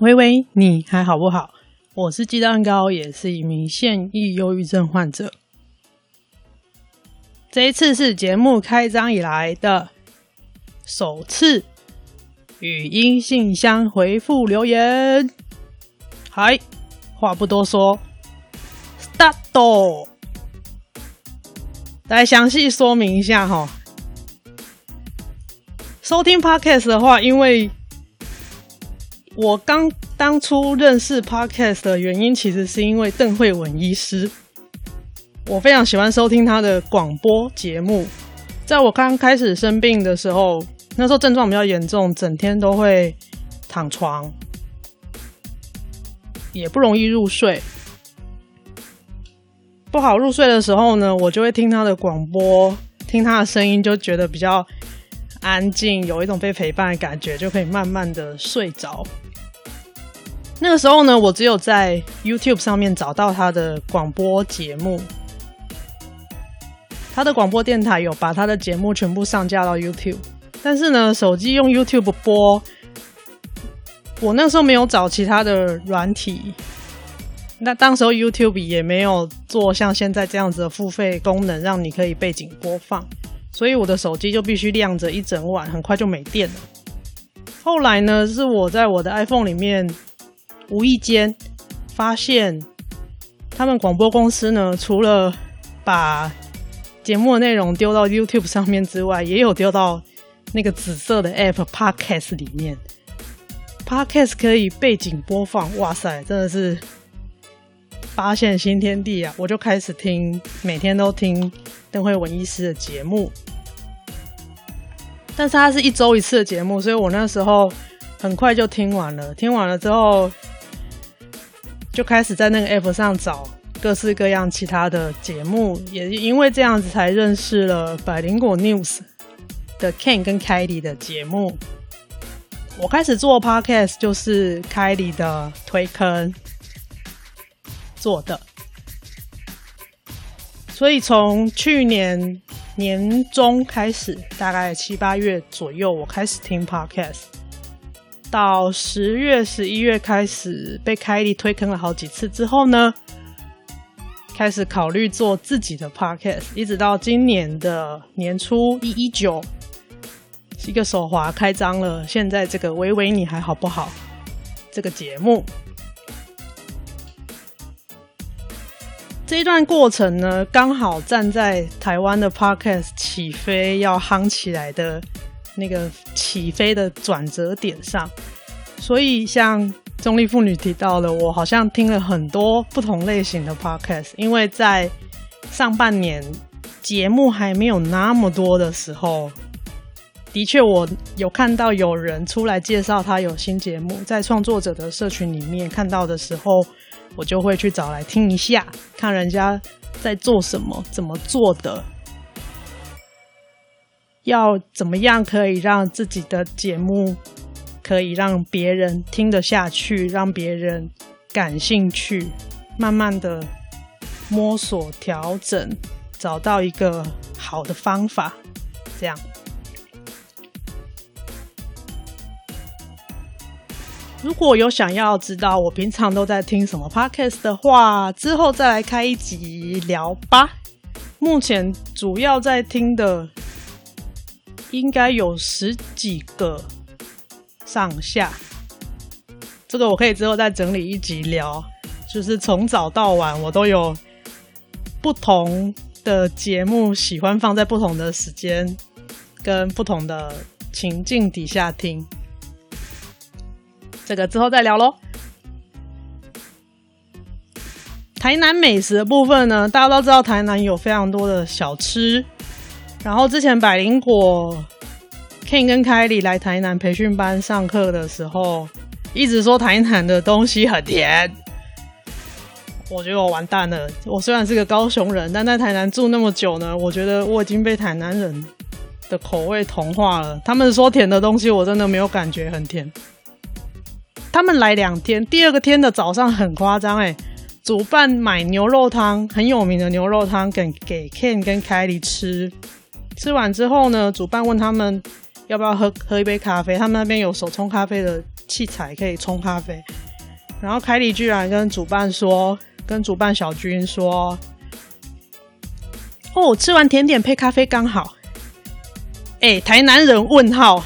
喂喂，你還好不好？我是雞蛋糕，也是一名現役憂鬱症患者。這一次是節目開張以來的首次語音信箱回復留言。好，話不多說，start off，來詳細說明一下哈。收聽 Podcast 的話，因為。我剛當初認識 Podcast 的原因，其實是因為鄧惠文醫師。我非常喜歡收聽她的廣播節目。在我剛開始生病的時候，那時候症狀比較嚴重，整天都會躺床，也不容易入睡。不好入睡的時候呢，我就會聽她的廣播，聽她的聲音，就覺得比較安靜，有一種被陪伴的感覺，就可以慢慢的睡着。那個時候呢，我只有在 YouTube 上面找到他的廣播節目，他的廣播電台有把他的節目全部上架到 YouTube，但是呢，手機用 YouTube 播，我那時候沒有找其他的軟體，那當時候 YouTube 也沒有做像現在這樣子的付費功能，讓你可以背景播放，所以我的手機就必須亮着一整晚，很快就沒電了。後來呢，是我在我的 iPhone 裡面。無意間發現，他們廣播公司呢，除了把節目的內容丟到 YouTube 上面之外，也有丟到那個紫色的 App Podcast 裡面。Podcast 可以背景播放，哇塞，真的是發現新天地啊！我就開始聽，每天都聽鄧惠文醫師的節目。但是他是一週一次的節目，所以我那時候很快就聽完了。聽完了之後。就開始在那個 App 上找各式各樣其他的節目，也因為這樣子才認識了百靈果 News 的 Ken 跟 Kylie 的節目。我開始做 Podcast 就是 Kylie 的推坑做的，所以從去年年中開始，大概七八月左右，我開始聽 Podcast。到十月十一月，開始被凱莉推坑了好幾次之後呢，開始考慮做自己的 podcast，一直到今年的年初一一九，一個手滑開張了。現在這個喂喂你還好不好，這個節目這一段過程呢，剛好站在台灣的 podcast 起飛要夯起來的。那個起飛的轉折點上，所以像中壢婦女提到了，我好像聽了很多不同類型的 podcast。因為在上半年節目還沒有那麼多的時候，的確我有看到有人出來介紹他有新節目，在創作者的社群裡面看到的時候，我就會去找來聽一下，看人家在做什麼，怎麼做的。要怎麼樣可以讓自己的節目可以讓別人聽得下去，讓別人感興趣，慢慢的摸索調整，找到一個好的方法。這樣，如果有想要知道我平常都在聽什麼 podcast 的話，之後再來開一集聊吧。目前主要在聽的。應該有十幾個上下，這個我可以之後再整理一集聊。就是從早到晚，我都有不同的節目，喜歡放在不同的時間跟不同的情境底下聽。這個之後再聊嘍。台南美食的部分呢，大家都知道台南有非常多的小吃。然後之前百靈果，Ken 跟 Kylie 來台南培訓班上課的時候，一直說台南的東西很甜。我覺得我完蛋了。我雖然是個高雄人，但在台南住那麼久呢，我覺得我已經被台南人的口味同化了。他們說甜的東西，我真的沒有感覺很甜。他們來兩天，第二個天的早上很誇張哎，欸，主辦買牛肉湯，很有名的牛肉湯，給給 Ken 跟 Kylie 吃。吃完之後呢，主辦問他們要不要喝喝一杯咖啡，他們那邊有手沖咖啡的器材可以沖咖啡。然後凱里居然跟主辦說，跟主辦小軍說：“哦，吃完甜點配咖啡剛好。”欸，哎，台南人問號，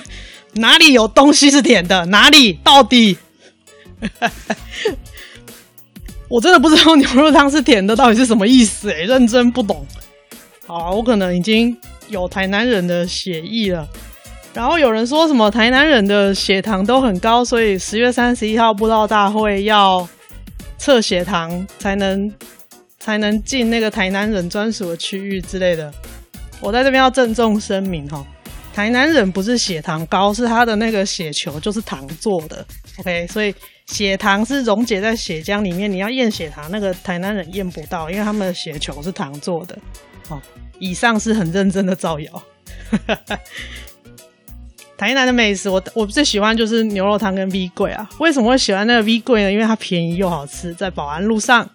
哪裡有東西是甜的？哪裡到底？ 我真的不知道牛肉湯是甜的到底是什麼意思欸，哎，認真不懂。好啊，我可能已經有台南人的血液了。然後有人說什麼台南人的血糖都很高，所以十月三十一號布道大會要測血糖才能才能進那個台南人專屬的區域之類的。我在這邊要鄭重聲明哈，台南人不是血糖高，是他的那個血球就是糖做的。OK，所以血糖是溶解在血漿裡面，你要驗血糖那個台南人驗不到，因為他們的血球是糖做的。哦、以上是很認真的造謠。 台南的美食，我我最喜歡就是牛肉湯跟 V 粿啊。為什麼會喜歡那個 V 粿呢？因為它便宜又好吃，在保安路上。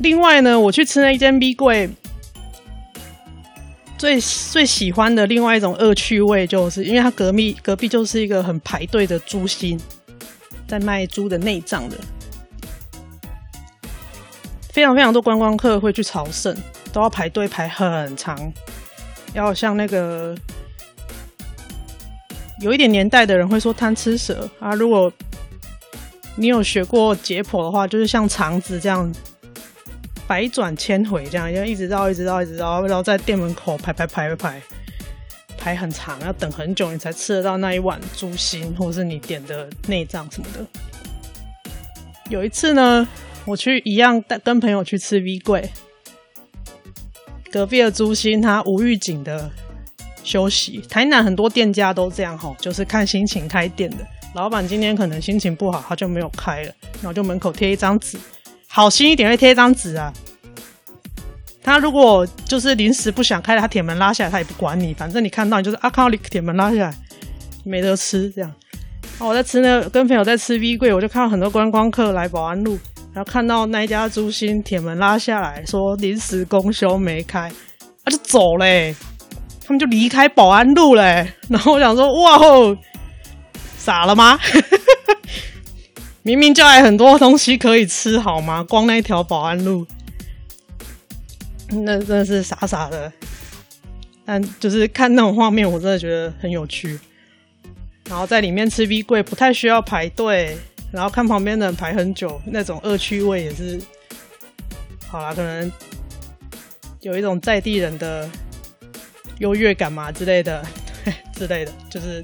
另外呢，我去吃那一間 V 粿，最最喜歡的另外一種惡趣味，就是因為它隔壁隔壁就是一個很排隊的豬心，在賣豬的內臟的。非常非常多觀光客會去朝聖，都要排隊排很長。要像那個有一點年代的人會說貪吃蛇啊，如果你有學過解剖的話，就是像腸子這樣，百轉千回這樣，要一直繞一直繞一直繞，然後在店門口排排排排排排很長，要等很久，你才吃得到那一碗豬心，或者是你點的內臟什麼的。有一次呢。我去一樣帶跟朋友去吃 V 櫃，隔壁的豬心他無預警的休息。台南很多店家都這樣吼，就是看心情開店的。老闆今天可能心情不好，他就沒有開了，然後就門口貼一張紙，好心一點會貼一張紙啊。他如果就是臨時不想開了，他鐵門拉下來，他也不管你，反正你看到你就是阿、啊、看到你鐵門拉下來，沒得吃這樣。啊、我在吃呢，那個，跟朋友在吃 V 櫃，我就看到很多觀光客來保安路。然後看到那家豬心鐵門拉下來說臨時公休沒開，他就走嘞、欸，他們就離開保安路嘞、欸。然後我想說，哇哦，傻了嗎？ 明明就還有很多東西可以吃好嗎？光那一條保安路，那真的是傻傻的。但就是看那種畫面，我真的覺得很有趣。然後在裡面吃冰櫃不太需要排隊。然後看旁邊的人排很久，那種惡趣味也是，好啦。可能有一種在地人的優越感嘛之類的呵呵，之類的，就是，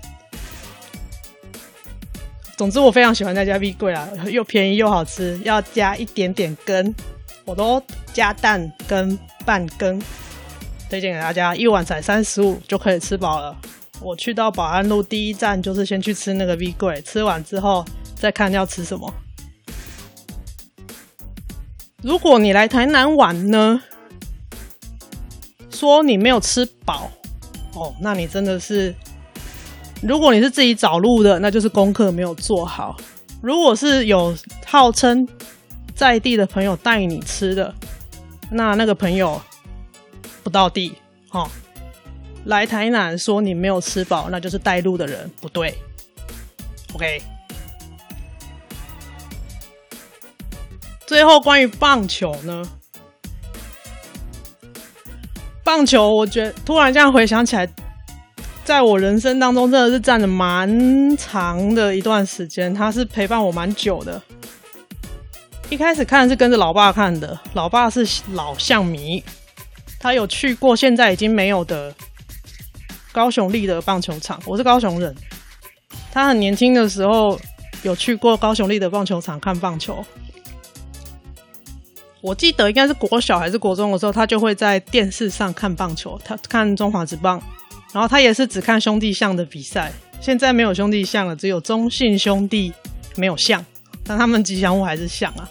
總之我非常喜歡在家 B 櫃啊，又便宜又好吃，要加一點點羹，我都加蛋跟半羹，推薦給大家，一碗才三十五就可以吃飽了。我去到保安路第一站就是先去吃那個 B 櫃，吃完之後。再看要吃什麼？如果你來台南玩呢，說你沒有吃飽，哦，那你真的是。如果你是自己找路的，那就是功課沒有做好；如果是有號稱在地的朋友帶你吃的，那那個朋友不到地，好，哦，來台南說你沒有吃飽，那就是帶路的人不對。OK。最後，關於棒球呢？棒球，我覺得突然這樣回想起來，在我人生當中真的是佔了蠻長的一段時間，它是陪伴我蠻久的。一開始看是跟着老爸看的，老爸是老象迷，他有去過現在已經沒有的高雄立德棒球場，我是高雄人。他很年輕的時候有去過高雄立德棒球場看棒球。我記得應該是國小還是國中的時候，他就會在電視上看棒球，他看中華職棒，然後他也是只看兄弟象的比賽。現在沒有兄弟象了，只有中信兄弟沒有象，但他們吉祥物還是象啊。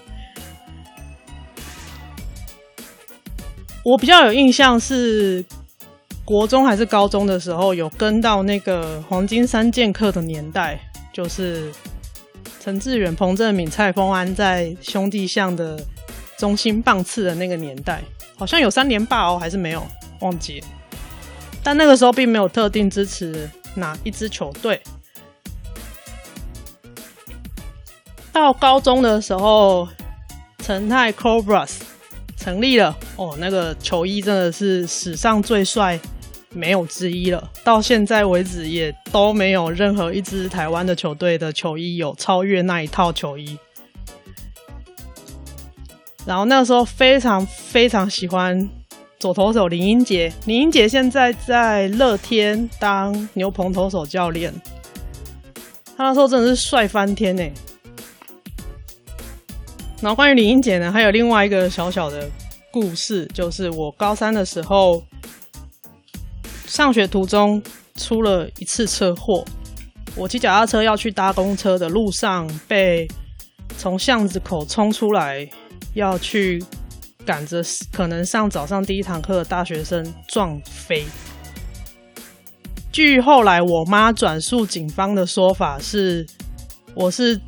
我比較有印象是國中還是高中的時候，有跟到那個黃金三劍客的年代，就是陳致遠、彭政閔、蔡豐安在兄弟象的。中心棒次的那個年代，好像有三連霸哦，還是沒有，忘記了。但那個時候並沒有特定支持哪一支球隊。到高中的時候，誠泰 Cobras 成立了哦，那個球衣真的是史上最帥，沒有之一了。到現在為止，也都沒有任何一支台灣的球隊的球衣有超越那一套球衣。然後那個時候非常非常喜歡左投手林英杰，林英杰現在在樂天當牛棚投手教練，他那時候真的是帥翻天呢、欸。然後關於林英杰呢，還有另外一個小小的故事，就是我高三的時候上學途中出了一次車禍，我騎腳踏車要去搭公車的路上被從巷子口衝出來。要去趕着可能上早上第一堂課的大學生撞飛。據後來我媽轉述警方的說法是，我是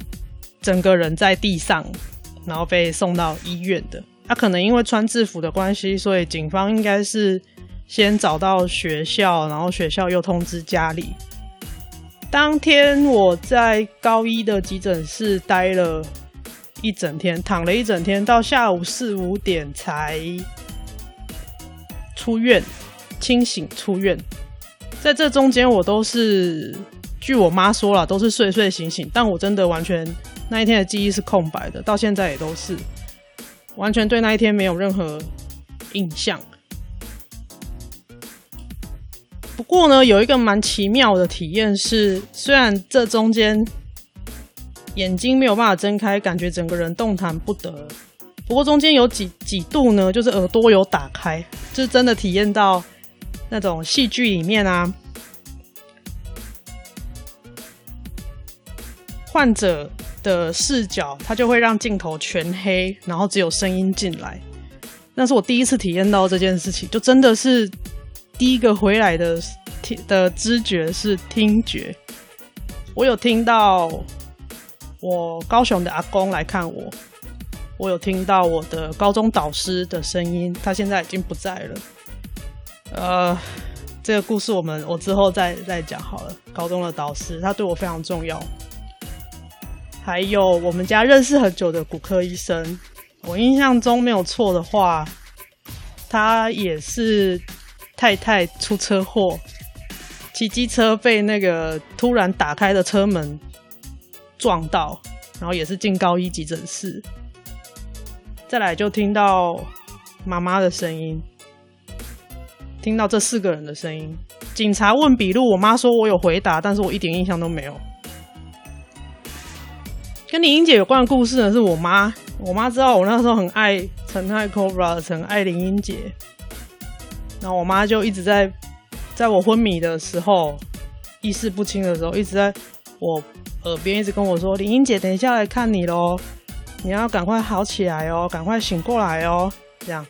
整個人在地上，然後被送到醫院的、啊。他可能因為穿制服的關係，所以警方應該是先找到學校，然後學校又通知家裡。當天我在高一的急診室待了。一整天，躺了一整天，到下午四五點才出院，清醒出院。在這中間，我都是據我媽說了，都是睡睡醒醒。但我真的完全那一天的記憶是空白的，到現在也都是完全對那一天沒有任何印象。不過呢，有一個蠻奇妙的體驗是，雖然這中間，眼睛沒有辦法睜開，感覺整個人動彈不得。不過中間有幾幾度呢，就是耳朵有打開，就是真的體驗到那種戲劇裡面啊，患者的視角，他就會讓鏡頭全黑，然後只有聲音進來。那是我第一次體驗到這件事情，就真的是第一個回來的聽的知覺是聽覺，我有聽到，我高雄的阿公來看我，我有聽到我的高中導師的聲音，他現在已經不在了。呃，這個故事我們我之後再再講好了。高中的導師他對我非常重要，還有我們家認識很久的骨科醫生，我印象中沒有錯的話，他也是太太出車禍，騎機車被那個突然打開的車門。撞到，然後也是進高醫急診室。再來就聽到媽媽的聲音，聽到這四個人的聲音。警察問筆錄，我媽說我有回答，但是我一點印象都沒有。跟林英姐有關的故事呢，是我媽。我媽知道我那時候很愛誠泰 Cobra，很愛林英姐。然後我媽就一直在，在我昏迷的時候，意識不清的時候，一直在我耳邊一直跟我說：“林英姐，等一下來看你嘍，你要趕快好起來哦、喔，趕快醒過來哦、喔。”這樣，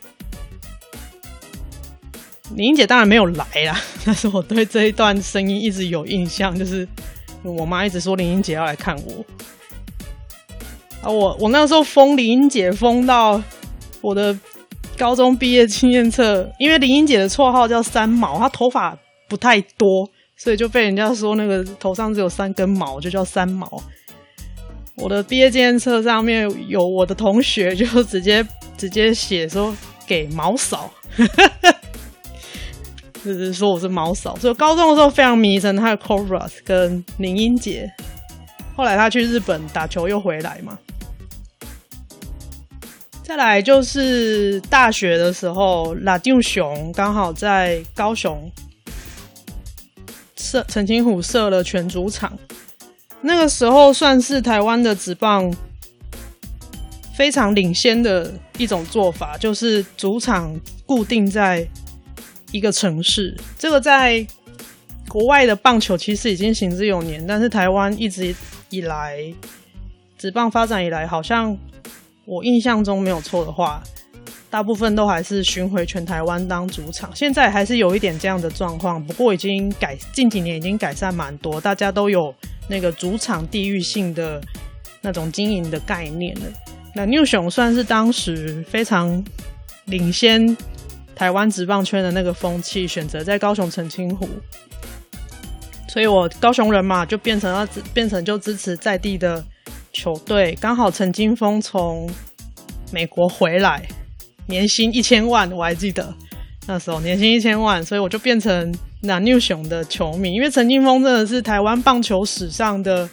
林英姐當然沒有來啦。但是我對這一段聲音一直有印象，就是我媽一直說林英姐要來看我啊。我我那時候瘋林英姐瘋到我的高中畢業紀念冊，因為林英姐的綽號叫三毛，她頭髮不太多。所以就被人家說，那個頭上只有三根毛就叫三毛。我的畢業紀念冊上面有我的同學，就直接直接寫說給毛嫂，就 是，是，是說我是毛嫂。所以我高中的時候非常迷誠泰 COBRAS 跟林英傑。後來他去日本打球又回來嘛。再來就是大學的時候，La New 熊剛好在高雄，設陳清虎設了全主場，那個時候算是台灣的職棒非常領先的一種做法，就是主場固定在一個城市。這個在國外的棒球其實已經行之有年，但是台灣一直以來職棒發展以來，好像我印象中沒有錯的話。大部分都還是巡迴全台灣當主場，現在還是有一點這樣的狀況，不過已經改，近幾年已經改善蠻多，大家都有那個主場地域性的那種經營的概念了。那 La New 熊算是當時非常領先台灣職棒圈的那個風氣，選擇在高雄澄清湖，所以我高雄人嘛，就變成要變成就支持在地的球隊，剛好陳金鋒從美國回來。年薪一千萬，我還記得那時候年薪一千萬，所以我就變成 La New 熊的球迷。因為陳金鋒真的是台灣棒球史上的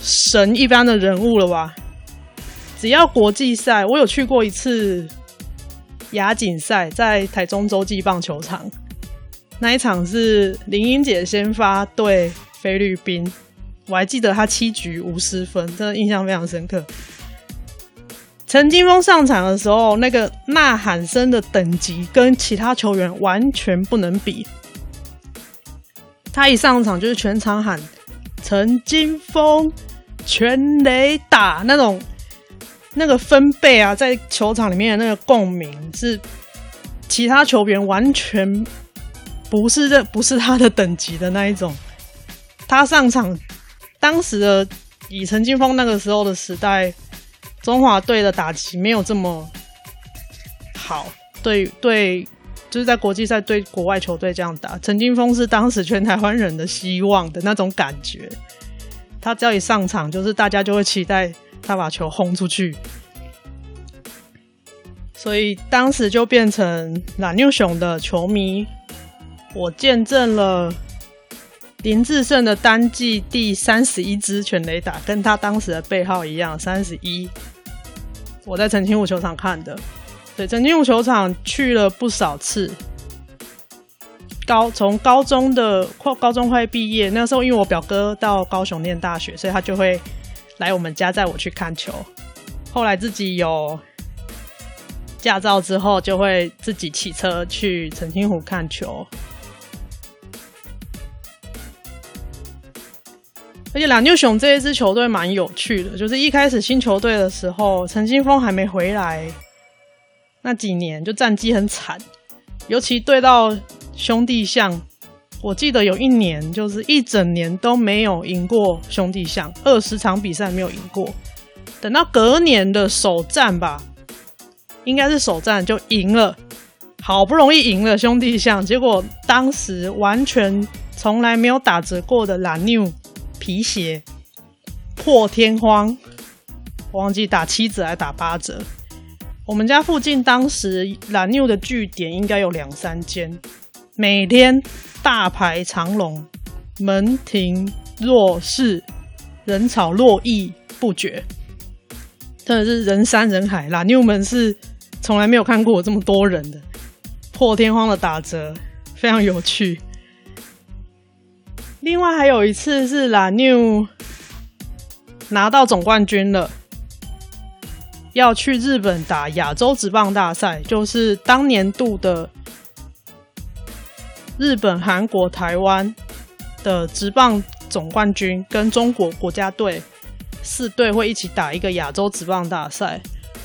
神一般的人物了吧？只要國際賽，我有去過一次亞錦賽，在台中洲際棒球場那一場是林英傑先發對菲律賓，我還記得他七局無失分，真的印象非常深刻。陳金鋒上場的時候，那個吶喊聲的等級跟其他球員完全不能比。他一上場就是全場喊陳金鋒、全壘打那種，那個分貝啊，在球場裡面的那個共鳴是其他球員完全不是這、這不是他的等級的那一種。他上場當時的，以陳金鋒那個時候的時代，中華隊的打擊沒有這麼好，對對，就是在國際賽對國外球隊這樣打。陳金鋒是當時全台灣人的希望的那種感覺，他只要一上場，就是大家就會期待他把球轟出去，所以當時就變成 La New 熊的球迷，我見證了。林智勝的單季第三十一支全壘打，跟他當時的背號一樣，三十一。我在澄清湖球場看的，對，澄清湖球場去了不少次。高從高中的快高中快畢業，那個時候因為我表哥到高雄念大學，所以他就會來我們家帶我去看球。後來自己有駕照之後，就會自己騎車去澄清湖看球。而且 La New 熊，這一支球隊蠻有趣的，就是一開始新球隊的時候，陳金鋒還沒回來，那幾年就戰績很慘，尤其對到兄弟象，我記得有一年就是一整年都沒有贏過兄弟象，二十場比賽沒有贏過。等到隔年的首戰吧，應該是首戰就贏了，好不容易贏了兄弟象，結果當時完全從來沒有打折過的 La New。皮鞋破天荒，我忘記打七折還打八折。我們家附近當時 La New 的據點應該有兩三間，每天大排長龍，門庭若市，人潮絡繹不絕，真的是人山人海。La New 們是從來沒有看過這麼多人的，破天荒的打折，非常有趣。另外還有一次是 La New 拿到總冠軍了，要去日本打亞洲職棒大賽，就是當年度的日本、韓國、台灣的職棒總冠軍跟中國國家隊四隊會一起打一個亞洲職棒大賽。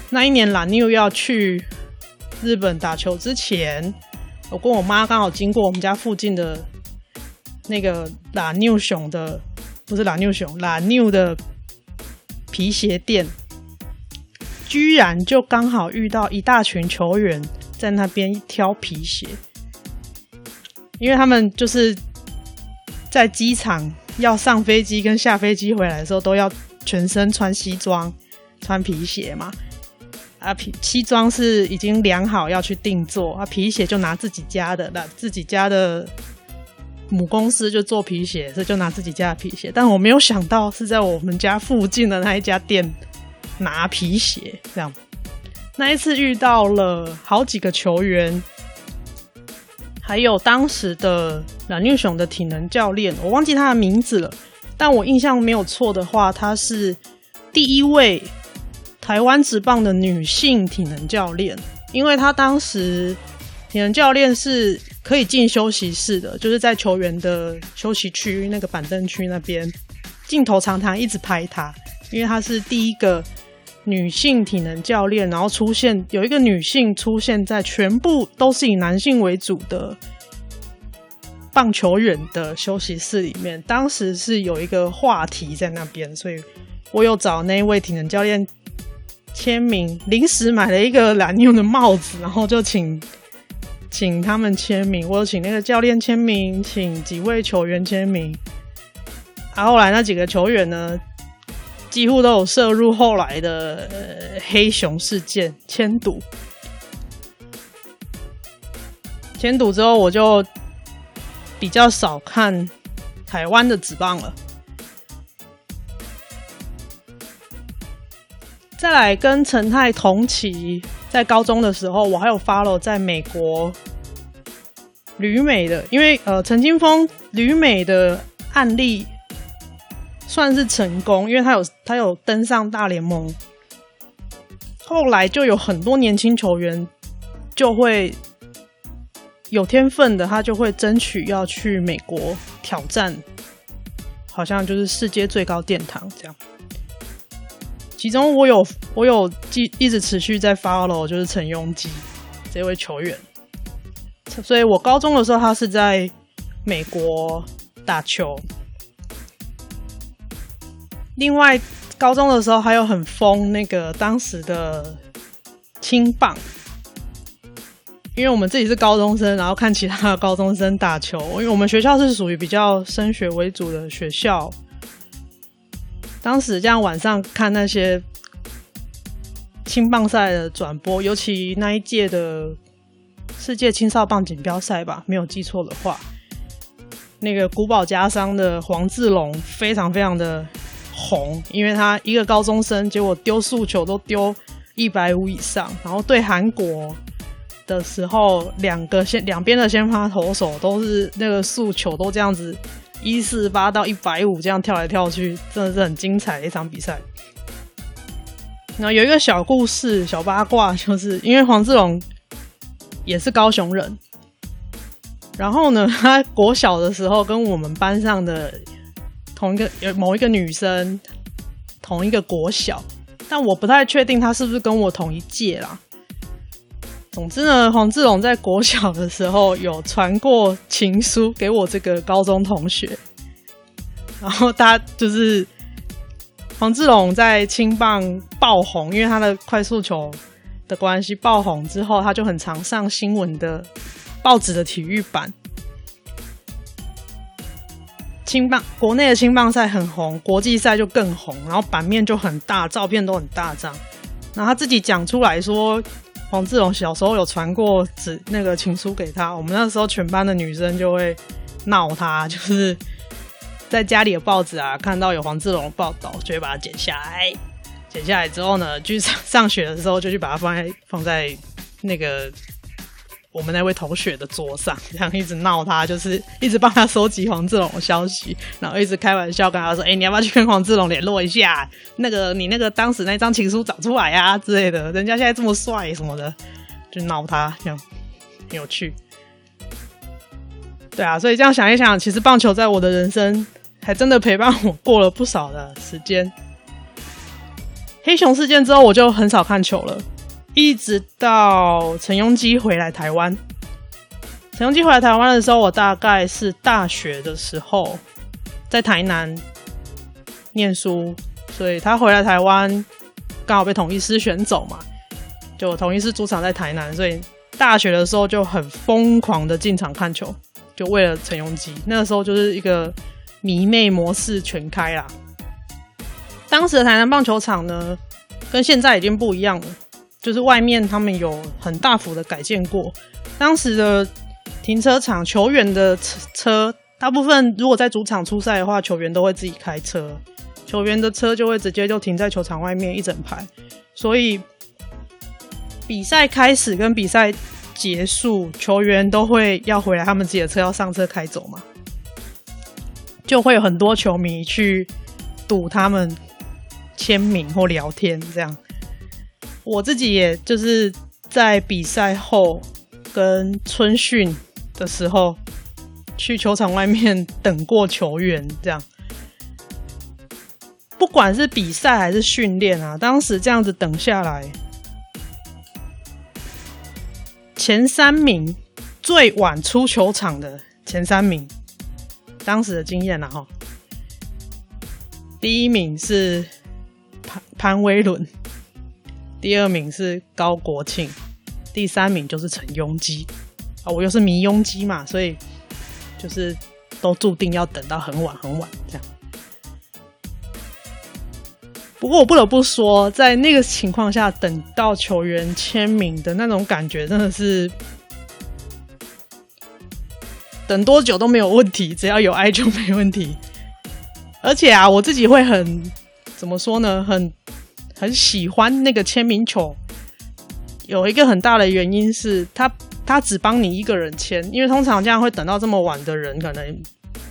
那一年 La New 要去日本打球之前，我跟我媽剛好經過我們家附近的。那個 La New 熊的，不是 La New 熊，La New 的皮鞋店，居然就剛好遇到一大群球員在那邊挑皮鞋，因為他們就是在機場要上飛機跟下飛機回來的時候，都要全身穿西裝、穿皮鞋嘛。啊，皮西裝是已經量好要去定做，啊，皮鞋就拿自己家的，那自己家的。母公司就做皮鞋，所以就拿自己家的皮鞋。但我沒有想到是在我們家附近的那一家店拿皮鞋。這樣，那一次遇到了好幾個球員，還有當時的 La New 熊的體能教練，我忘記他的名字了。但我印象沒有錯的話，他是第一位台灣職棒的女性體能教練，因為他當時體能教練是。可以進休息室的，就是在球員的休息區那個板凳區那邊，鏡頭常常一直拍他，因為他是第一個女性體能教練，然後出現有一個女性出現在全部都是以男性為主的棒球員的休息室裡面，當時是有一個話題在那邊，所以我有找那位體能教練簽名，臨時買了一個藍用的帽子，然後就請。請他們簽名，我有請那個教練簽名，請幾位球員簽名。啊，後來那幾個球員呢，幾乎都有涉入後來的黑熊事件，簽賭。簽賭之後，我就比較少看台灣的職棒了。再來，跟陳泰同期。在高中的時候，我還有 follow 在美國旅美的，因為呃，陳金鋒旅美的案例算是成功，因為他有他有登上大聯盟。後來就有很多年輕球員就會有天分的，他就會爭取要去美國挑戰，好像就是世界最高殿堂這樣。其中我有我有記一直持續在發 w 就是陳庸基這位球員。所以，我高中的時候他是在美國打球。另外，高中的時候還有很瘋那個當時的青棒，因為我們自己是高中生，然後看其他的高中生打球，因為我們學校是屬於比較升學為主的學校。當時這樣晚上看那些青棒賽的轉播，尤其那一屆的世界青少棒錦標賽吧，沒有記錯的話，那個穀保家商的黃志龍非常非常的紅，因為他一個高中生，結果丟速球都丟一百五以上，然後對韓國的時候，兩個先，兩邊的先發投手都是那個速球都這樣子。一四八到一百五，這樣跳來跳去，真的是很精彩的一場比賽。然後有一個小故事、小八卦，就是因為黃志龍也是高雄人。然後呢，他國小的時候跟我們班上的同一個有某一個女生同一個國小，但我不太確定他是不是跟我同一屆啦。總之呢，黃志龍在國小的時候有傳過情書給我這個高中同學，然後他就是黃志龍在青棒爆紅，因為他的快速球的關係爆紅之後，他就很常上新聞的報紙的體育版。青棒國內的青棒賽很紅，國際賽就更紅，然後版面就很大，照片都很大張。然後他自己講出來說。黃志榮小時候有傳過紙那個情書給他，我們那時候全班的女生就會鬧他，就是在家裡的報紙啊看到有黃志榮的報道就會把它剪下來，剪下來之後呢，去上上學的時候就去把它放在放在那個。我們那位同學的桌上，這樣一直鬧他，就是一直幫他收集黃志龍的消息，然後一直開玩笑跟他說：“哎、欸，你要不要去跟黃志龍聯絡一下？那個你那個當時那張情書找出來啊之類的，人家現在這麼帥什麼的，就鬧他這樣，很有趣。”對啊，所以這樣想一想，其實棒球在我的人生還真的陪伴我過了不少的時間。黑熊事件之後，我就很少看球了。一直到陳鏞基回來台灣，陳鏞基回來台灣的時候，我大概是大學的時候，在台南念書，所以他回來台灣，剛好被統一獅選走嘛，就統一獅主場在台南，所以大學的時候就很瘋狂的進場看球，就為了陳鏞基，那個時候就是一個迷妹模式全開啦。當時的台南棒球場呢，跟現在已經不一樣了。就是外面他們有很大幅的改建過，當時的停車場，球員的車，車大部分，如果在主場出賽的話，球員都會自己開車，球員的車就會直接就停在球場外面一整排，所以比賽開始跟比賽結束，球員都會要回來他們自己的車，要上車開走嘛，就會有很多球迷去堵他們簽名或聊天這樣。我自己也就是在比賽後跟春訓的時候去球場外面等過球員，這樣，不管是比賽還是訓練啊，當時這樣子等下來，前三名最晚出球場的前三名，當時的經驗啊，齁，第一名是潘潘威倫。第二名是高國慶，第三名就是陳鏞基啊！我又是迷鏞基嘛，所以就是都注定要等到很晚很晚這樣。不過我不得不說，在那個情況下等到球員簽名的那種感覺，真的是等多久都沒有問題，只要有愛就沒問題。而且啊，我自己會很怎麼說呢？很。很喜歡那個簽名球，有一個很大的原因是他他只幫你一個人簽，因為通常這樣會等到這麼晚的人可能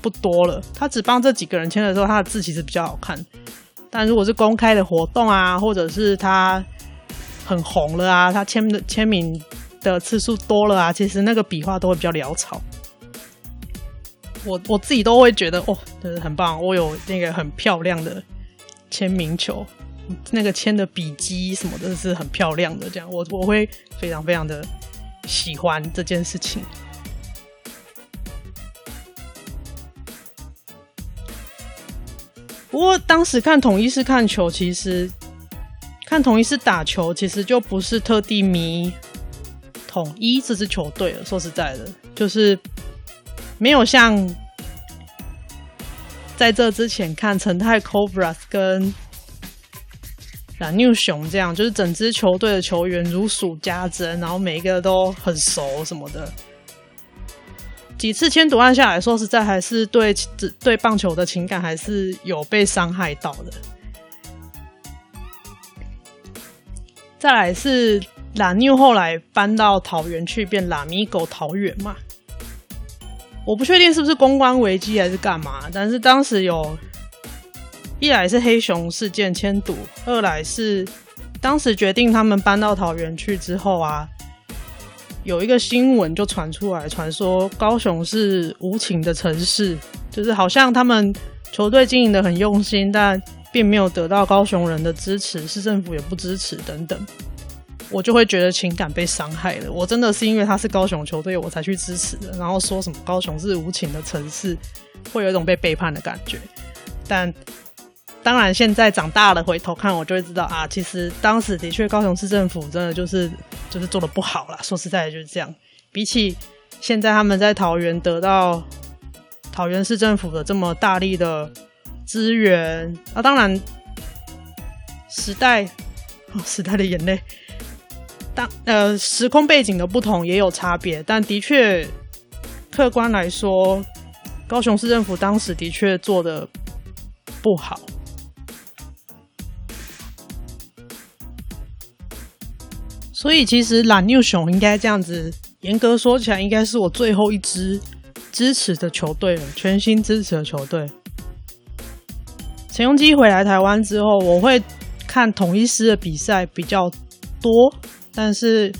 不多了。他只幫這幾個人簽的時候，他的字其實比較好看。但如果是公開的活動啊，或者是他很紅了啊，他簽的簽名的次數多了啊，其實那個筆畫都會比較潦草。我我自己都會覺得，哦，真的很棒，我有那個很漂亮的簽名球。那個簽的筆記什麼的，是很漂亮的。這樣，我我會非常非常的喜歡這件事情。不過當時看統一是看球，其實看統一是打球，其實就不是特地迷統一這支球隊了。說實在的，就是沒有像在這之前看誠泰 Cobras 跟。La New 熊這樣，就是整支球隊的球員如數家珍，然後每一個都很熟什麼的。幾次簽賭案下來，說實在，還是對對棒球的情感還是有被傷害到的。再來是 La New 後來搬到桃園去變 Lamigo 桃猿嘛，我不確定是不是公關危機還是幹嘛，但是當時有。一來是黑熊事件簽賭，二來是當時決定他們搬到桃園去之後啊，有一個新聞就傳出來，傳說高雄是無情的城市，就是好像他們球隊經營得很用心，但並沒有得到高雄人的支持，市政府也不支持等等，我就會覺得情感被傷害了。我真的是因為他是高雄球隊，我才去支持的，然後說什麼高雄是無情的城市，會有一種被背叛的感覺，但。當然，現在長大了，回頭看，我就會知道啊，其實當時的確高雄市政府真的就是就是做的不好啦。說實在的，就是這樣。比起現在他們在桃園得到桃園市政府的這麼大力的資源啊，當然時代時代的眼淚，當呃時空背景的不同也有差別，但的確客觀來說，高雄市政府當時的確做的不好。所以其實 La New 熊應該這樣子，嚴格說起來應該是我最後一支支持的球隊了，全新支持的球隊。陳鏞基回來台灣之後，我會看統一獅的比賽比較多，但是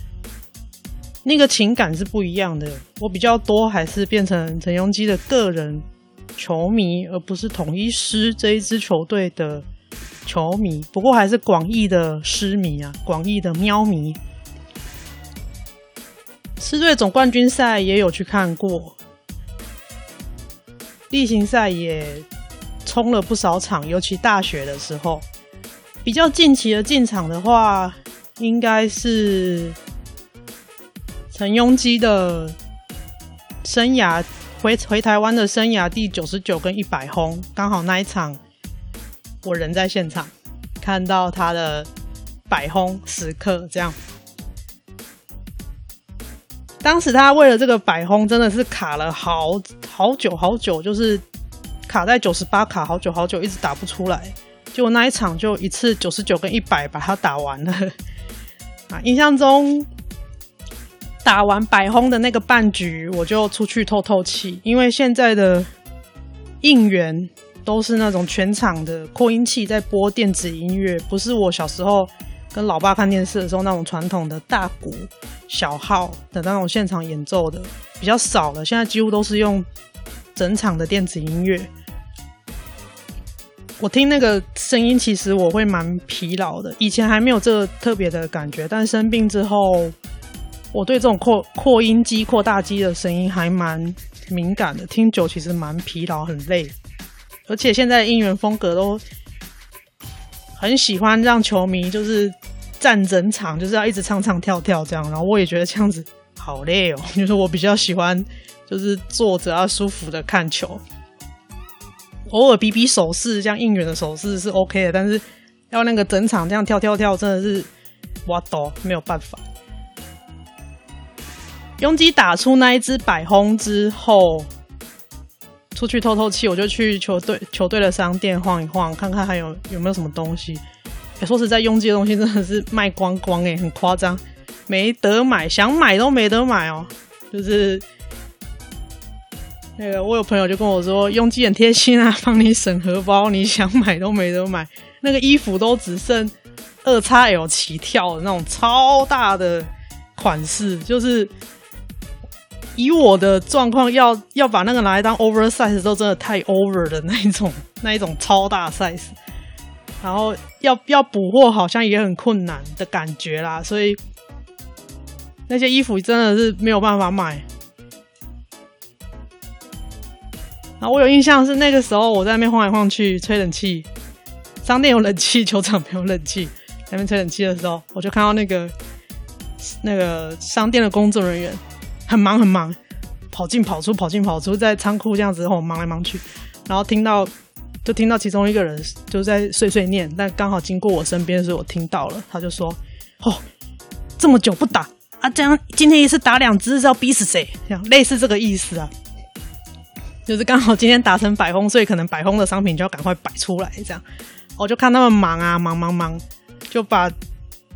那個情感是不一樣的。我比較多還是變成陳鏞基的個人球迷，而不是統一獅這一支球隊的球迷。不過還是廣義的獅迷啊，廣義的喵迷。獅隊總冠軍賽也有去看過，例行賽也衝了不少場，尤其大學的時候，比較近期的進場的話，應該是陳鏞基的生涯回回台灣的生涯第九十九跟一百轟，剛好那一場我人在現場，看到他的百轟時刻這樣。當時他為了這個百轟，真的是卡了好好久好久，就是卡在九十八卡好久好久，一直打不出來。結果那一場就一次九十九跟一百把他打完了。啊，印象中打完百轟的那個半局，我就出去透透氣，因為現在的應援都是那種全場的擴音器在播電子音樂，不是我小時候。跟老爸看電視的時候，那種傳統的大鼓、小號的那種現場演奏的比較少了，現在幾乎都是用整場的電子音樂。我聽那個聲音，其實我會蠻疲勞的。以前還沒有這個特別的感覺，但生病之後，我對這種擴擴音機、擴大機的聲音還蠻敏感的，聽久其實蠻疲勞、很累。而且現在音樂風格都很喜歡讓球迷就是站整場，就是要一直唱唱跳跳這樣。然後我也覺得這樣子好累哦，就是我比較喜歡就是坐着要舒服的看球，偶爾比比手勢，像應援的手勢是 OK 的。但是要那個整場這樣跳跳跳，真的是我懂，沒有辦法。擁擠打出那一支百轟之後。出去透透氣，我就去球隊球隊的商店晃一晃，看看還有有沒有什麼東西。欸、說實在，擁擠的東西真的是賣光光哎，欸，很誇張，沒得買，想買都沒得買哦，喔。就是那個，我有朋友就跟我說，擁擠很貼心啊，幫你省荷包，你想買都沒得買。那個衣服都只剩 2XL 起跳的那種超大的款式，就是。以我的狀況，要要把那個拿來當 oversize 都真的太 over 的那一種，那一種超大 size，然後要要補貨好像也很困難的感覺啦，所以那些衣服真的是沒有辦法買。然後我有印象是那個時候我在那邊晃來晃去吹冷氣，商店有冷氣，球場沒有冷氣，在那邊吹冷氣的時候，我就看到那個那個商店的工作人員。很忙很忙，跑進跑出跑進跑出，在倉庫這樣子後忙來忙去，然後聽到就聽到其中一個人就在碎碎念，但剛好經過我身邊的時候，我聽到了，他就說：“哦，這麼久不打啊，這樣今天一次打兩支是要逼死誰？這樣類似這個意思啊，就是剛好今天打成百轟，所以可能百轟的商品就要趕快擺出來，這樣我、哦、就看他們忙啊忙忙忙，就把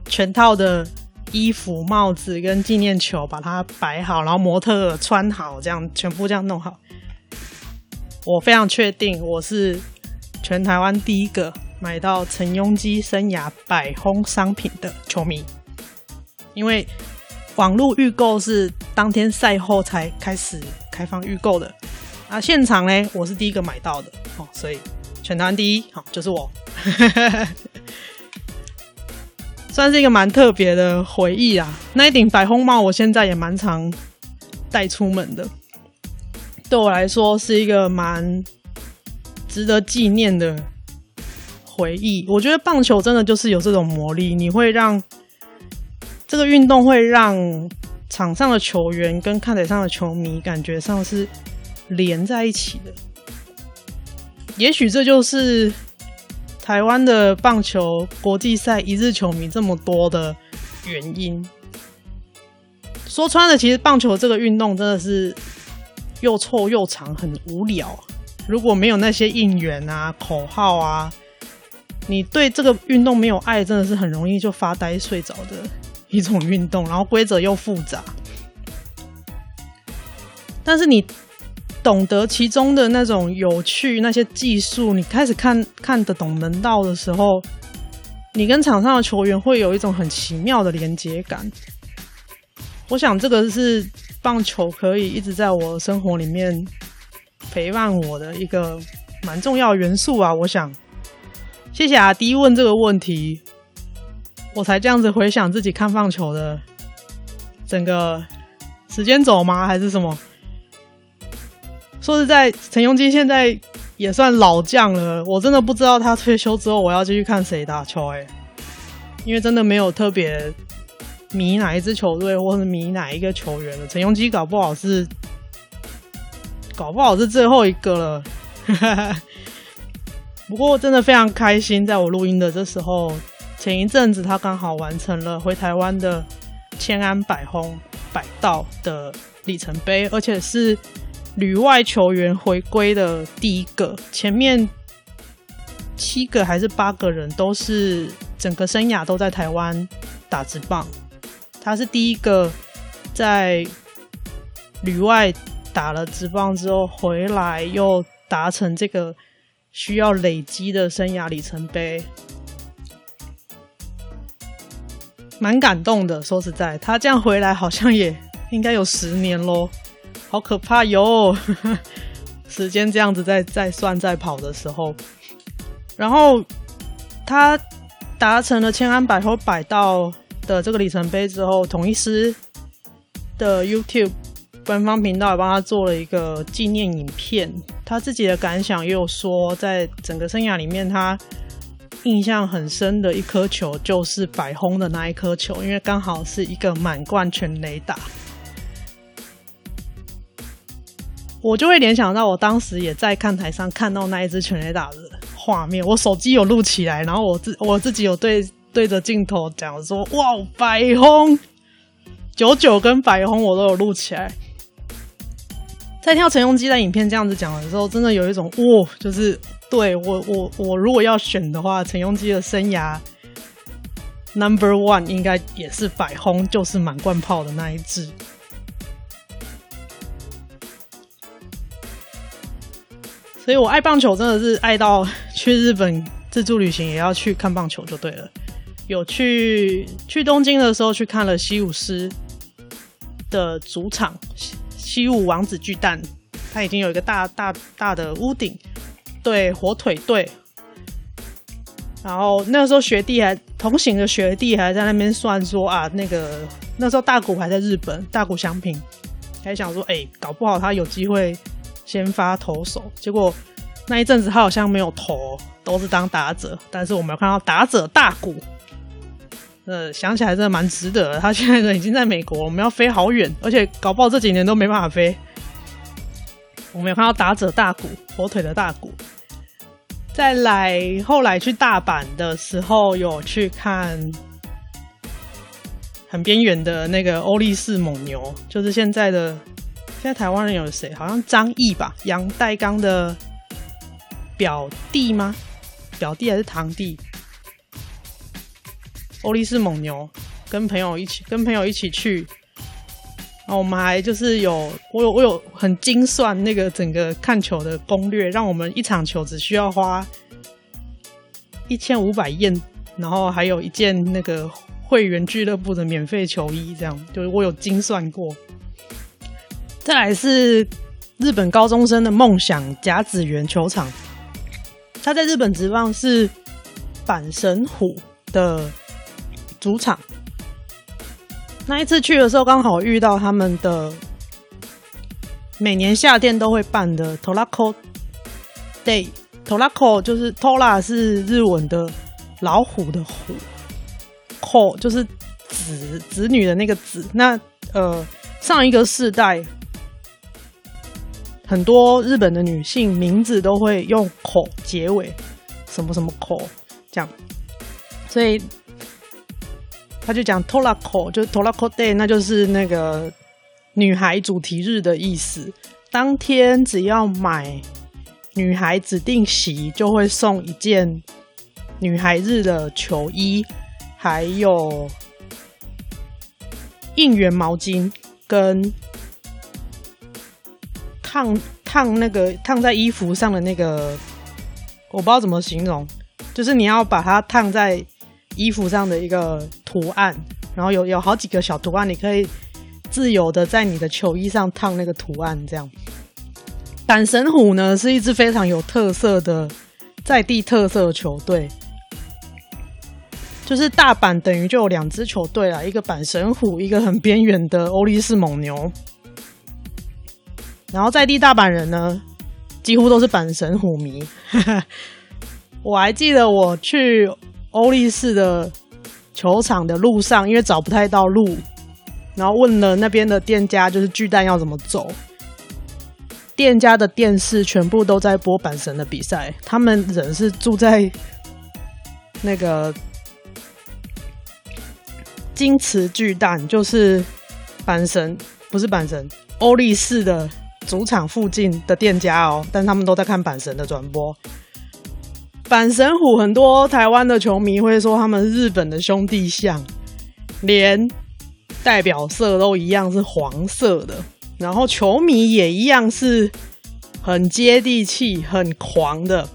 全套的。”衣服、帽子跟紀念球，把它擺好，然後模特穿好，這樣全部這樣弄好。我非常確定，我是全台灣第一個買到陳鏞基生涯百轟商品的球迷，因為網絡預購是當天賽後才開始開放預購的啊。現場呢？我是第一個買到的哦，所以全台灣第一，好，就是我。 算是一個蠻特別的回憶啊！那一頂白紅帽，我現在也蠻常戴出門的。對我來說，是一個蠻值得紀念的回憶。我覺得棒球真的就是有這種魔力，你會讓這個運動會讓場上的球員跟看台上的球迷感覺上是連在一起的。也許這就是。台灣的棒球國際賽一日球迷這麼多的原因，說穿了，其實棒球這個運動真的是又臭又長，很無聊。如果沒有那些應援啊、口號啊，你對這個運動沒有愛，真的是很容易就發呆睡着的一種運動。然後規則又複雜，但是你。懂得其中的那種有趣，那些技術，你開始看看得懂門道的時候，你跟場上的球員會有一種很奇妙的連接感。我想這個是棒球可以一直在我生活裡面陪伴我的一個蠻重要元素啊。我想，謝謝阿弟問這個問題，我才這樣子回想自己看棒球的整個時間軸嗎，還是什麼？說實在，陳鏞基現在也算老將了。我真的不知道他退休之後我要繼續看誰打球哎，欸，因為真的沒有特別迷哪一支球隊或者迷哪一個球員的。陳鏞基搞不好是，搞不好是最後一個了。 不過我真的非常開心，在我錄音的這時候，前一陣子他剛好完成了回台灣的千安百轟百盜的里程碑，而且是。旅外球員回歸的第一個，前面七個還是八個人都是整個生涯都在台灣打職棒，他是第一個在旅外打了職棒之後回來又達成這個需要累積的生涯里程碑，蠻感動的。說實在，他這樣回來好像也應該有十年咯。好可怕喲！時間這樣子在在算在跑的時候，然後他達成了千安百轟百盜的這個里程碑之後，統一獅的 YouTube 官方頻道也幫他做了一個紀念影片。他自己的感想又說，在整個生涯裡面，他印象很深的一顆球就是百轟的那一顆球，因為剛好是一個滿貫全壘打。我就會聯想到，我當時也在看台上看到那一只全壘打的畫面，我手機有錄起來，然後我自我自己有對對着鏡頭講說：“哇，百轟九九跟百轟我都有錄起來。”在聽陳鏞基在影片這樣子講的時候，真的有一種“哇、哦”，就是對我我我如果要選的話，陳鏞基的生涯 number one 應該也是百轟，就是滿貫炮的那一只。所以我愛棒球真的是愛到去日本自助旅行也要去看棒球就對了。有去去東京的時候去看了西武獅的主場，西西武王子巨蛋，他已經有一個大大大的屋頂，對火腿隊。然後那時候學弟還同行的學弟還在那邊算說啊，那個那時候大谷還在日本，大谷翔平還想說，哎、欸，搞不好他有機會。先發投手，結果那一陣子他好像沒有投，都是當打者。但是我們有看到打者大谷。呃，想起來真的蠻值得的。他現在人已經在美國，我們要飛好遠，而且搞不好這幾年都沒辦法飛。我們有看到打者大谷，火腿的大谷。再來，後來去大阪的時候，有去看很邊緣的那個歐力士猛牛，就是現在的。在台灣人有誰？好像張毅吧，陽岱鋼的表弟嗎？表弟還是堂弟？歐力士猛牛，跟朋友一起跟朋友一起去，啊，然後我們還就是有我有我有很精算那個整個看球的攻略，讓我們一場球只需要花一千五百元，然後還有一件那個會員俱樂部的免費球衣，這樣就是我有精算過。再來是日本高中生的夢想甲子園球場，他在日本職棒是阪神虎的主場。那一次去的時候，剛好遇到他們的每年夏天都會辦的 ToraCo Day。ToraCo 就是 Tora 是日文的老虎的虎，Co 就是子，子女的那個子。那呃，上一個世代。很多日本的女性名字都會用“口”結尾，什麼什麼口，這樣。所以他就講 Torako 就 Torako Day”，那就是那個女孩主題日的意思。當天只要買女孩指定席，就會送一件女孩日的球衣，還有應援毛巾跟燙燙那個燙在衣服上的那個，我不知道怎麼形容，就是你要把它燙在衣服上的一個圖案，然後有有好幾個小圖案，你可以自由的在你的球衣上燙那個圖案，這樣。阪神虎呢是一支非常有特色的在地特色的球隊，就是大阪等於就有兩支球隊了，一個阪神虎，一個很邊緣的歐力士猛牛。然後在地大阪人呢，幾乎都是阪神虎迷。 我還記得我去歐力士的球場的路上，因為找不太到路，然後問了那邊的店家，就是巨蛋要怎麼走。店家的電視全部都在播阪神的比賽，他們人是住在那個京瓷巨蛋，就是阪神不是阪神歐力士的。主場附近的店家哦，但他們都在看阪神的轉播。阪神虎很多台灣的球迷會說，他們日本的兄弟象，連代表色都一樣是黃色的，然後球迷也一樣是很接地氣、很狂的。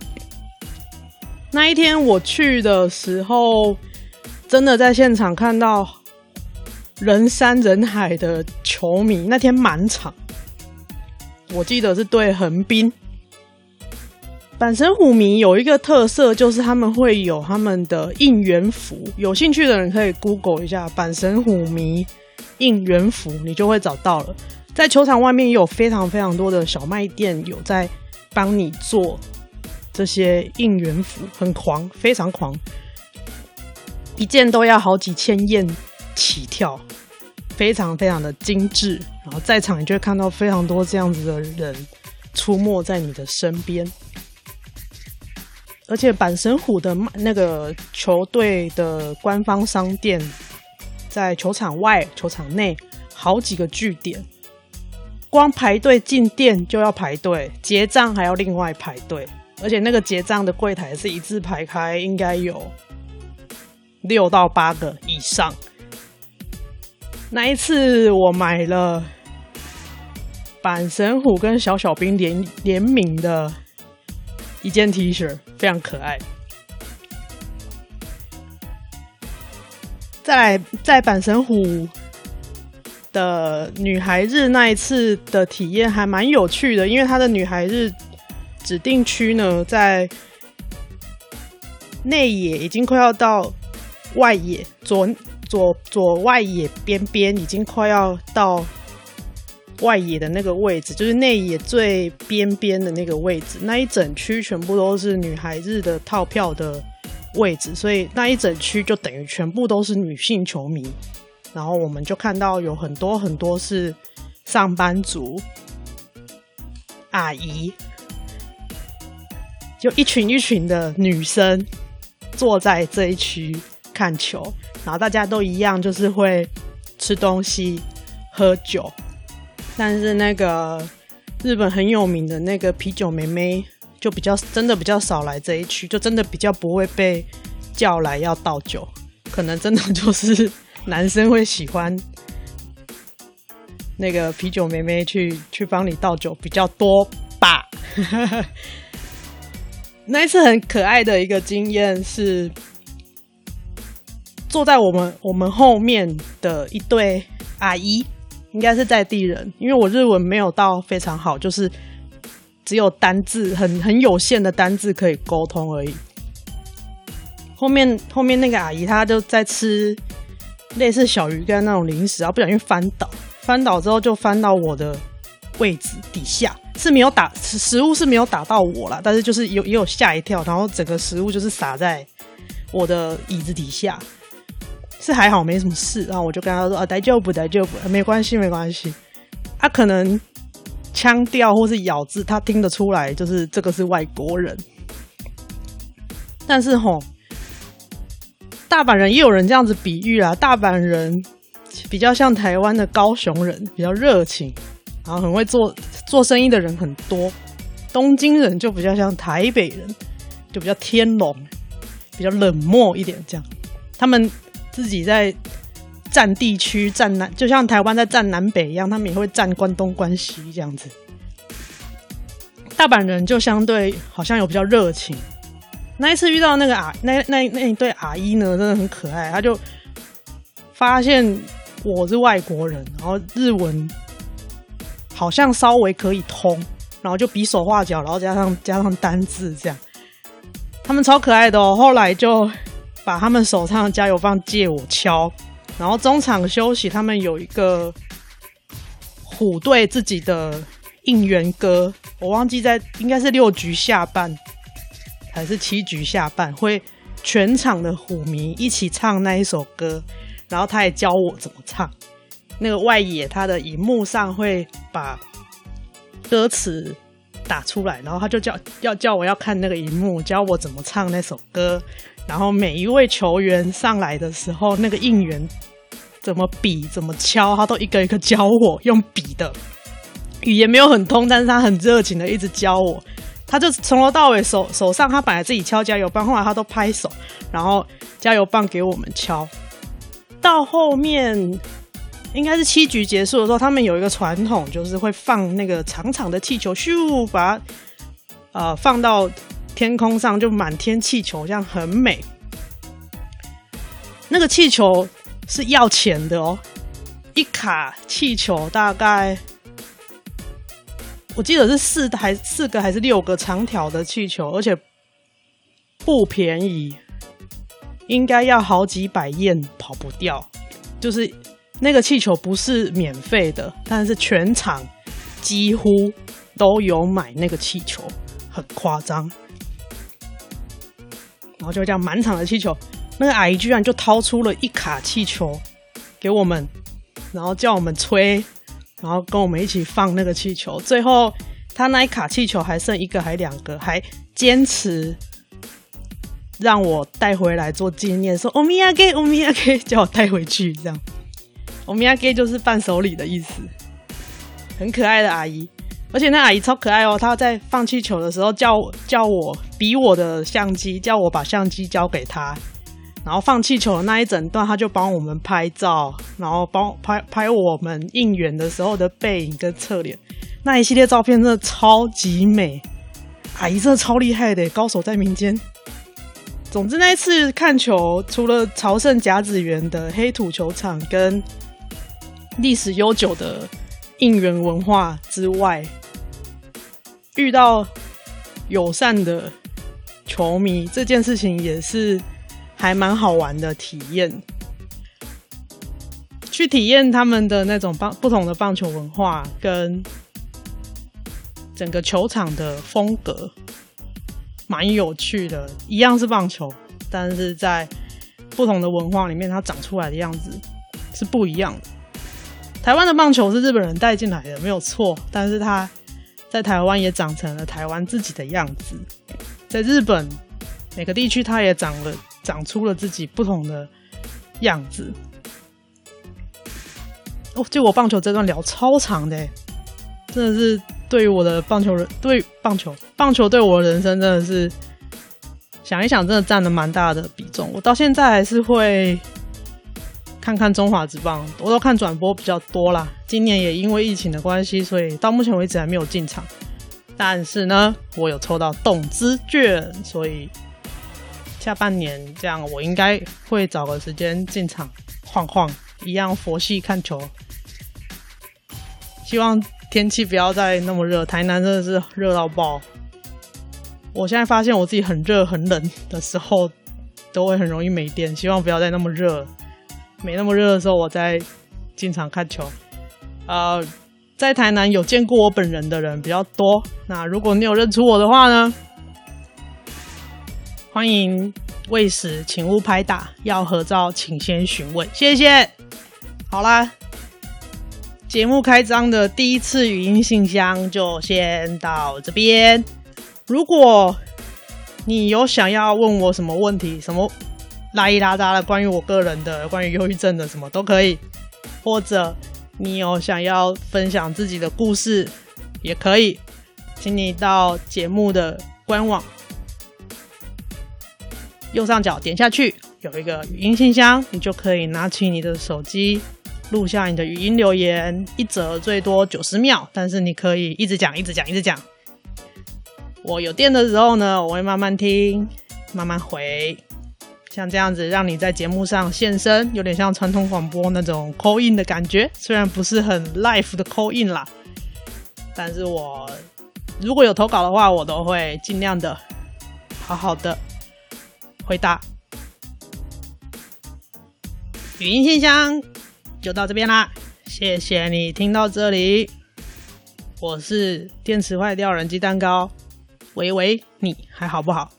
那一天我去的時候，真的在現場看到人山人海的球迷，那天滿場。我記得是對橫濱，阪神虎迷有一個特色，就是他們會有他們的應援服。有興趣的人可以 Google 一下“阪神虎迷應援服”，你就會找到了。在球場外面有非常非常多的小賣店，有在幫你做這些應援服，很狂，非常狂，一件都要好幾千 yen 起跳。非常非常的精緻，然後在場你就會看到非常多這樣子的人出沒在你的身邊，而且阪神虎的那個球隊的官方商店，在球場外、球場內好幾個據點，光排隊進店就要排隊，結賬還要另外排隊，而且那個結賬的櫃檯是一字排開，應該有六到八個以上。那一次我買了阪神虎跟小小兵聯聯名的一件 T 恤，非常可愛。在在阪神虎的女孩日那一次的體驗還蠻有趣的，因為她的女孩日指定區呢，在內野，已經快要到外野左。左左外野邊邊，已經快要到外野的那個位置，就是內野最邊邊的那個位置。那一整區全部都是女孩子的套票的位置，所以那一整區就等於全部都是女性球迷。然後我們就看到有很多很多是上班族阿姨，就一群一群的女生坐在這一區。看球，然後大家都一樣，就是會吃東西、喝酒。但是那個日本很有名的那個啤酒妹妹，就比較真的比較少來這一區，就真的比較不會被叫來要倒酒。可能真的就是男生會喜歡那個啤酒妹妹去去幫你倒酒比較多吧。 那一次很可愛的一個經驗是，坐在我們我們後面的一對阿姨，應該是在地人，因為我日文沒有到非常好，就是只有單字，很很有限的單字可以溝通而已。後面後面那個阿姨她就在吃類似小魚乾那種零食啊，然後不小心翻倒，翻倒之後就翻到我的位置底下，是沒有打，食物是沒有打到我啦，但是就是有也有嚇一跳，然後整個食物就是灑在我的椅子底下。是還好，沒什麼事。然後我就跟他說：“啊，大丈夫？大丈夫，啊？沒關係，沒關係。啊”他可能腔調或是咬字，他聽得出來，就是這個是外國人。但是吼，大阪人也有人這樣子比喻啊，大阪人比較像台灣的高雄人，比較熱情，然後很會做做生意的人很多。東京人就比較像台北人，就比較天龍，比較冷漠一點。這樣，他們。自己在占地區占南，就像台灣在占南北一樣，他們也會占關東關西這樣子。大阪人就相對好像有比較熱情。那一次遇到那個阿那那那，那一對阿姨呢，真的很可愛。她就發現我是外國人，然後日文好像稍微可以通，然後就比手畫腳，然後加上加上單字這樣。他們超可愛的哦，後來就。把他們手上的加油棒借我敲，然後中場休息，他們有一個虎隊自己的應援歌，我忘記在應該是六局下半還是七局下半，會全場的虎迷一起唱那一首歌，然後他也教我怎麼唱。那個外野他的熒幕上會把歌詞打出來，然後他就叫要叫我要看那個熒幕教我怎麼唱那首歌。然後每一位球員上來的時候，那個應援怎麼比、怎麼敲，他都一個一個教我。用比的語言沒有很通，但是他很熱情的一直教我。他就從頭到尾手手上，他本來自己敲加油棒，後來他都拍手，然後加油棒給我們敲。到後面應該是七局結束的時候，他們有一個傳統，就是會放那個長長的氣球，咻，把它、呃、放到。天空上就滿天氣球，這樣很美。那個氣球是要錢的哦、喔，一卡氣球大概我記得是四台四個還是六個長條的氣球，而且不便宜，應該要好幾百元跑不掉。就是那個氣球不是免費的，但是全場幾乎都有買那個氣球，很誇張。然後就這樣，滿場的氣球，那個阿姨居然就掏出了一卡氣球給我們，然後叫我們吹，然後跟我們一起放那個氣球。最後，她那一卡氣球還剩一個，還兩個，還堅持讓我帶回來做紀念，說“おみやげ，おみやげ”，叫我帶回去。這樣，“おみやげ”就是伴手禮的意思，很可愛的阿姨。而且那阿姨超可愛哦、喔！她在放氣球的時候叫叫我比我的相機，叫我把相機交給她，然後放氣球的那一整段，她就幫我們拍照，然後幫拍拍我們應援的時候的背影跟側臉，那一系列照片真的超級美。阿姨真的超厲害的，高手在民間。總之，那一次看球，除了朝聖甲子園的黑土球場跟歷史悠久的應援文化之外，遇到友善的球迷這件事情也是還蠻好玩的體驗，去體驗他們的那種棒，不同的棒球文化跟整個球場的風格，蠻有趣的。一樣是棒球，但是在不同的文化裡面，它長出來的樣子是不一樣的。台灣的棒球是日本人帶進來的，沒有錯，但是他。在台灣也長成了台灣自己的樣子，在日本每個地區它也長了，長出了自己不同的樣子。哦，就我棒球這段聊超長的，真的是對於我的棒球人，對棒球，棒球對我的人生真的是想一想，真的佔了蠻大的比重。我到現在還是會。看看中華職棒，我都看轉播比較多啦。今年也因為疫情的關係，所以到目前為止還沒有進場。但是呢，我有抽到動滋券，所以下半年這樣我應該會找個時間進場晃晃，一樣佛系看球。希望天氣不要再那麼熱，台南真的是熱到爆。我現在發現我自己很熱很冷的時候，都會很容易沒電。希望不要再那麼熱。沒那麼熱的時候，我在經常看球。呃，在台南有見過我本人的人比較多。那如果你有認出我的話呢，歡迎喂食，請勿拍打，要合照請先詢問，謝謝。好啦，節目開張的第一次語音信箱就先到這邊。如果你有想要問我什麼問題，什麼，拉一拉雜的，關於我個人的，關於憂鬱症的，什麼都可以，或者你有想要分享自己的故事，也可以。請你到節目的官網右上角點下去。有一個語音信箱，你就可以拿起你的手機錄下你的語音留言，一則最多九十秒，但是你可以一直講，一直講，一直講。我有電的時候呢，我會慢慢聽，慢慢回。像這樣子讓你在節目上現身，有點像傳統廣播那種 call in 的感覺，雖然不是很 live 的 call in 啦，但是我如果有投稿的話，我都會盡量的好好的回答。語音信箱就到這邊啦，謝謝你聽到這裡，我是電池壞掉人雞蛋糕，喂喂，你還好不好？